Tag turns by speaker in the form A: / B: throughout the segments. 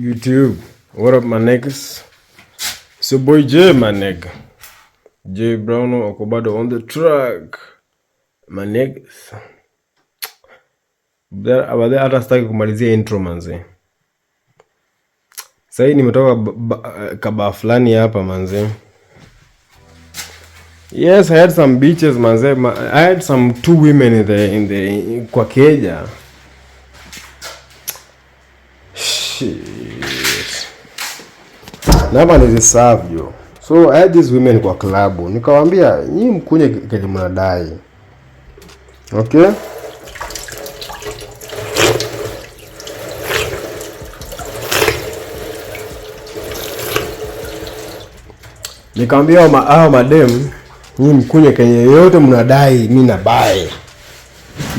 A: YouTube. What up my niggas? So boy J my nigga. J Brown Okobado on the track. My niggas. Baadaye hata sitaki kumalizia intro manze. Sasa hii nimetoka kaba fulani hapa manze. Yes, I had some bitches manze. I had some two women in the, in the, kwa keja. Shit na hapa nilisavyo. So I had these women kwa klabu, nikawambia nyi mkunye kenye mnadai, okay Nikamwambia hao ma, madem nyi mkunye kenye yote mnadai, mi nabae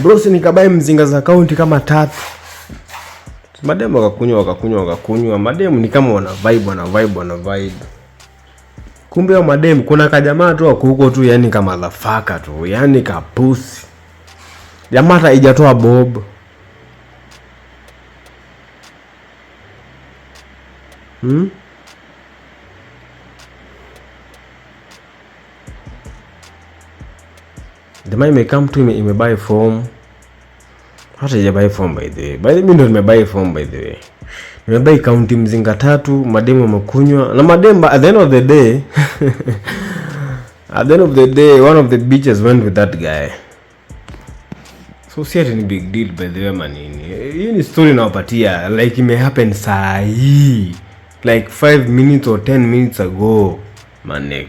A: bro, si mzinga za kaunti kama tatu mademu wakakunywa wakakunywa wakakunywa, mademu ni kama wana vibe wana vibe wana vibe. Kumbe wa mademu kuna kajamaa tu wako tu, yani kama motherfucker tu, yani kapusi jamaa, hata haijatoa bob hmm? Jamaa imekam tu imebuy form hata sijabai form by the way. By the way, ndo nimebai form by the way. Nimebai kaunti mzinga tatu, mademu wamekunywa na mademba at the end of the day at the end of the day one of the bitches went with that guy. So si ati ni big deal by the way manini. Hii ni story nawapatia like ime happen saa hii like 5 minutes or 10 minutes ago manek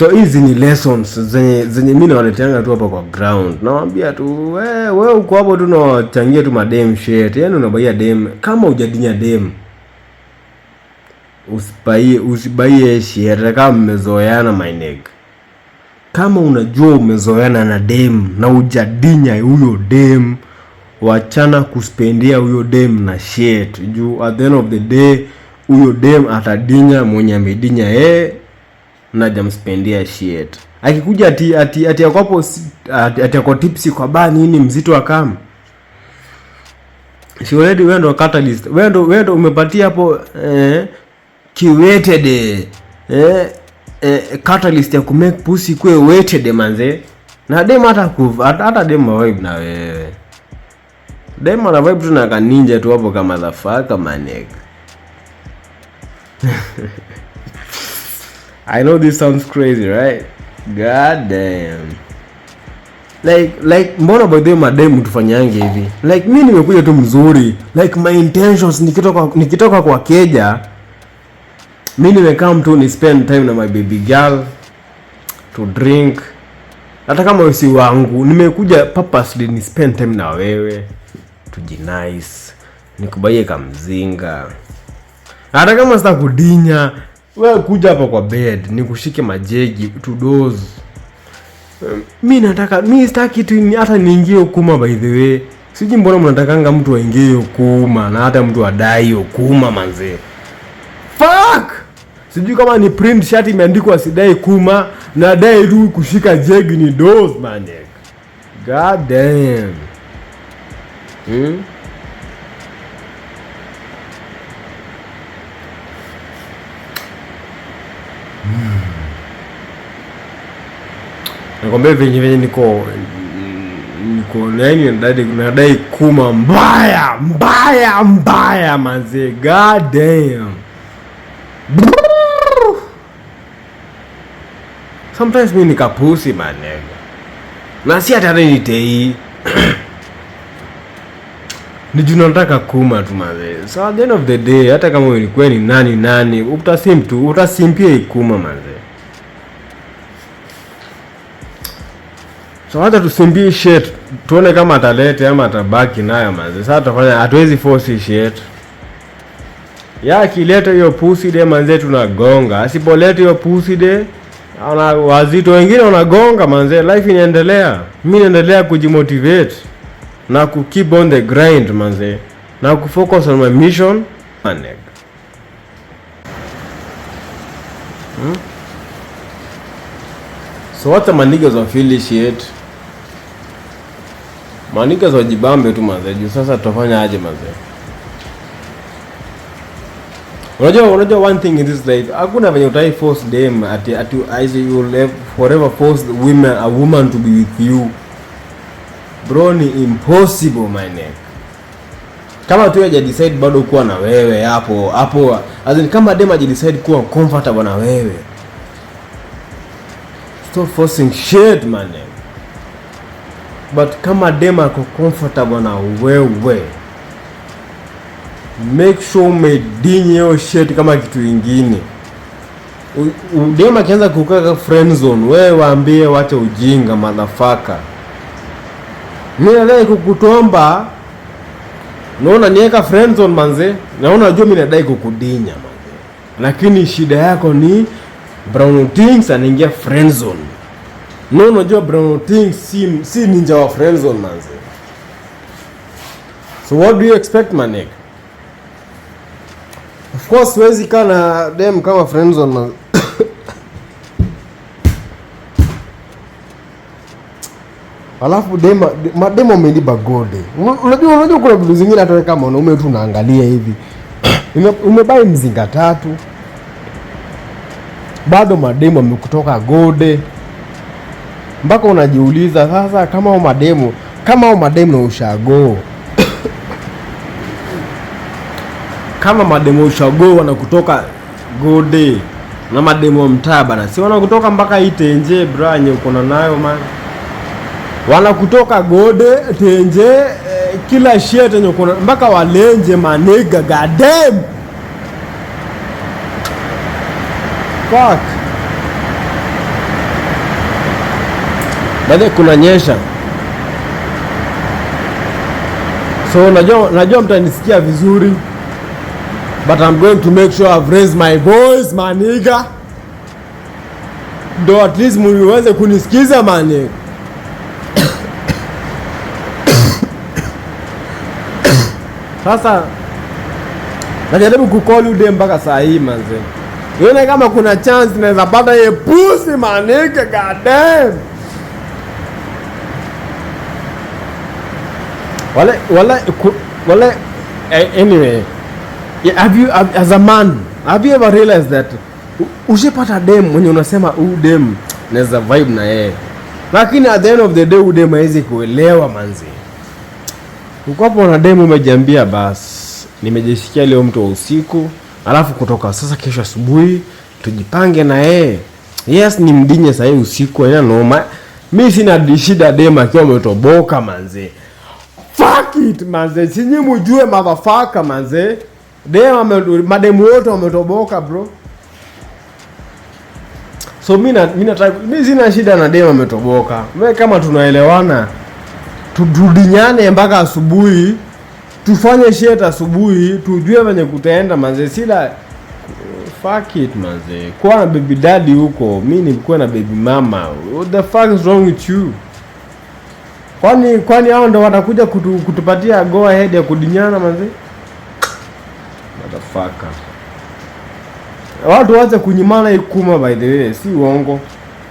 A: So hizi ni lessons zenye zenye mimi nawaleteanga tu hapa kwa ground. Nawaambia tu wewe wewe uko hapo tu unawachangia tu madem shit. Yaani unabaia dem kama ujadinya dem. Usibaie usibaie shit kama mmezoeana my nigga. Kama unajua umezoeana na dem na ujadinya huyo dem, wachana kuspendia huyo dem na shit. Juu at the end of the day huyo dem atadinya mwenye amedinya eh najamspendia hajamspendia shit. Akikuja ati ati ati akopo ati, ati ako tipsi kwa ba nini mzito akam. Si already wewe ndo catalyst. Wewe ndo wewe ndo umepatia hapo eh kiwetted eh, eh catalyst ya kumake pussy kwe weighted manze. Na dem hata kuv hata dem vibe na wewe. Dem ana vibe tu na kaninja tu hapo kama kama manek. I know this sounds crazy, right? God damn. Like like mbona by the madem tufanyange hivi? Like mimi nimekuja tu mzuri. Like my intentions nikitoka nikitoka kwa Keja mimi nimekam tu ni spend time na my baby girl to drink. Hata kama usi wangu nimekuja purposely ni spend time na wewe nice. nikubaie kamzinga. Hata kama sitakudinya, wewe kuja hapa kwa bed nikushike majegi tudozi. Um, mi nataka mi sitaki tu hata niingie ukuma. By the way, siji mbona mnatakanga mtu aingie ukuma na hata mtu adai ukuma manze fuck sijui kama ni print shirt imeandikwa sidai kuma na dai tu kushika jegi ni doze man. God damn. Hmm? nakwambia venye venye niko niko nani nadai nadai kuma mbaya mbaya mbaya manze, god damn. Sometimes mimi nikapusi manega, na si hata nitei ni nataka kuma tu manze. So at the end of the day, hata kama ulikuwa ni nani nani, utasim tu utasimpia ikuma manze. So hata tusimbie shit, tuone kama atalete ama atabaki nayo manze. Sasa tutafanya, hatuwezi force shit. Ya akileta hiyo pusi de manze, tunagonga. Asipoleta hiyo pusi de ana wazito wengine wanagonga manze, life inaendelea. Mimi naendelea kujimotivate na ku keep on the grind manze, na ku focus on my mission maneg. Ah, hmm? So what are niggas on feel shit? Manika za jibambe tu mazee, juu sasa tutafanya aje mazee? Unajua, unajua one thing in this life, hakuna venye utai force them at at as you will forever force the women a woman to be with you bro, ni impossible my neck. Kama tu haja decide bado kuwa na wewe hapo hapo, as in kama dem haja decide kuwa comfortable na wewe, stop forcing shit my neck but kama dema ako comfortable na wewe, make sure umedinye hiyo shit kama kitu ingine. Dema akianza kukaa friend zone, wewe waambie wacha ujinga madhafaka. mi nadai kukutomba, naona niweka friend zone manze, naona najua mimi nadai kukudinya manze, lakini shida yako ni brown things anaingia friend zone. No, unajua Brown Things si si ninja wa friendzone manze. So what do you expect manek? Of course siwezi kaa na dem kama friendzone man. Alafu dem mademo ameniba gode. Unajua unajua kuna vitu zingine hata kama mwanaume tu unaangalia hivi. Umebai mzinga tatu. Bado mademo amekutoka gode mpaka unajiuliza sasa, kama au mademu kama au mademu na ushago kama mademu ushago wanakutoka gode na mademu wa mtaa bana, si wanakutoka mpaka hii tenje bra nye ukona nayo man, wanakutoka gode tenje eh, kila shit yenye ukona mpaka walenje maniga gadem fuck baadhi kuna nyesha, so najua, najua mtanisikia vizuri but I'm going to make sure I've raised my voice maniga, ndo at least muweze kunisikiza maniga. Sasa najaribu kukoli ude mpaka saa hii manze, yone kama kuna chance naweza pata ye pusi maniga, goddamn wale wale wale eh, anyway yeah, have you have, as a man have you ever realized that ushepata dem mwenye unasema u dem naweza vibe na yeye lakini at the end of the day huu dem hawezi kuelewa manzi ukapo na dem umejiambia basi nimejisikia leo mtu wa usiku alafu kutoka sasa kesho asubuhi tujipange na yeye yes ni mdinye sahii usiku aina noma mi sina shida dem akiwa ametoboka manzee fuck it manze, sinyi mujue motherfucker manze, dem mademu wote wametoboka bro. So mi mi sina shida na dem ametoboka, me kama tunaelewana tudinyane mpaka asubuhi, tufanye shet asubuhi, tujue venye kutaenda manze, sila fuck it manze, kuwa na baby daddy huko, mi nikuwa na baby mama. What the fuck is wrong with you? Kwani kwani hao ndo watakuja kutu, kutupatia go ahead ya kudinyana manzi? Motherfucker. Watu waanze kunyimana ikuma by the way, si uongo.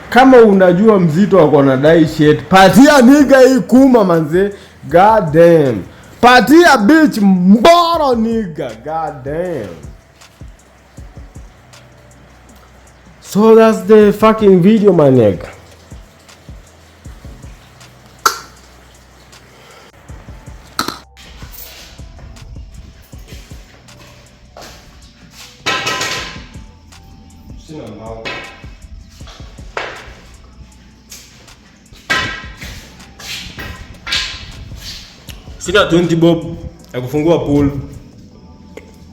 A: Kama unajua mzito ako na dai shit, patia niga ikuma manzi. God damn. Patia bitch mboro niga. God damn. So that's the fucking video my nigga. ujio ambao sina 20 bob ya kufungua pool.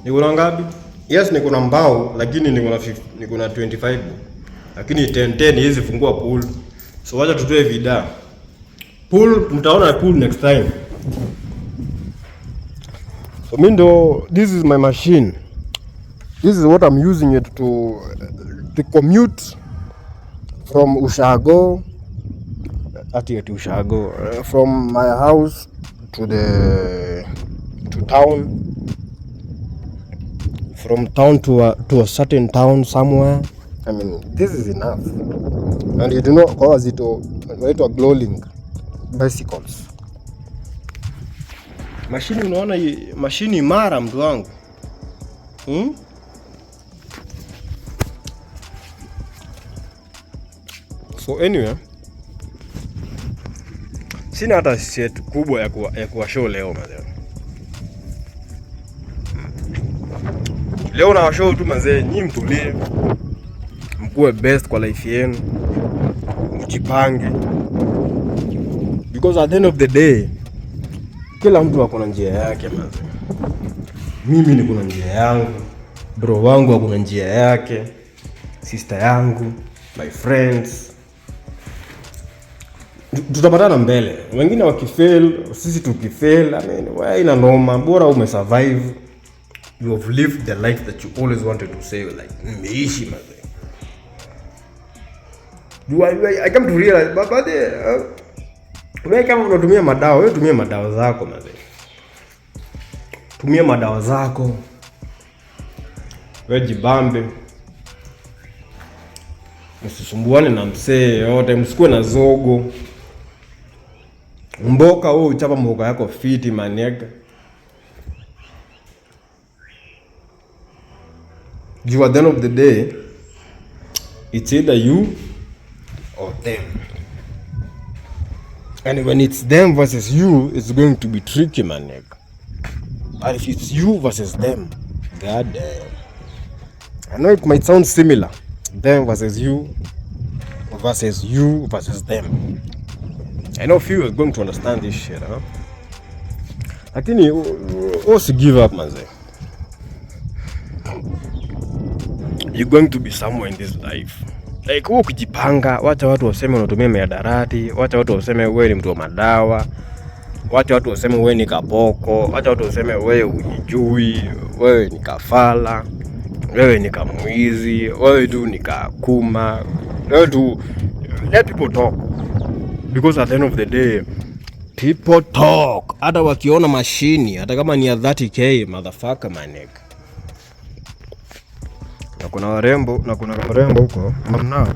A: Niko na ngapi? Yes, niko na mbao lakini niko na niko na 25 bob. Lakini 10 10 hizi fungua pool. So wacha tutoe vida. Pool mtaona pool next time. So mimi ndo this is my machine. This is what I'm using it to the commute from Ushago ati ati Ushago uh, from my house to the to town from town to a, to a certain town somewhere I mean this is enough and you do not kwa it a glowing bicycles mashini unaona mashini imara mtu wangu hmm? So anyway, sina hata set kubwa ya kuwa, ya kuwa show leo mazee. Leo na washow tu mazee, nyinyi mtulie, mkuwe best kwa life yenu, mjipange because at the end of the day kila mtu ako na njia yake mazee. Mimi niko na njia yangu, bro wangu ako na njia yake, sister yangu, my friends tutapatana mbele, wengine wakifail, sisi tukifail. I mean, ina noma, bora umesurvive, you have lived the life that you always wanted to say, like nimeishi mazee. I I, come to realize but but, eh, uh, wewe kama unatumia madawa, wewe tumia madawa zako mazee, tumia madawa zako, wewe jibambe Msisumbuane na msee yote, msikuwe na zogo. Mboka wewe uchapa mboka yako fiti maniaga. You at the end of the day it's either you or them. And when it's them versus you it's going to be tricky maniaga. But if it's you versus them, god damn. I know it might sound similar. Them versus you versus you versus them. I know few is going to understand this shit, huh? Lakini usi give up manze. You're going to be somewhere in this life. Like wewe kujipanga, wacha watu waseme unatumia miadarati, wacha watu waseme wewe ni mtu wa madawa. Wacha watu waseme wewe ni kaboko, wacha watu waseme wewe unijui, wewe ni kafala, wewe ni kamwizi, wewe tu ni kakuma. Wewe tu let people talk because at the end of the day people talk. Hata wakiona mashini hata kama ni ya 30k motherfucker my manek, na kuna warembo na kuna warembo huko mna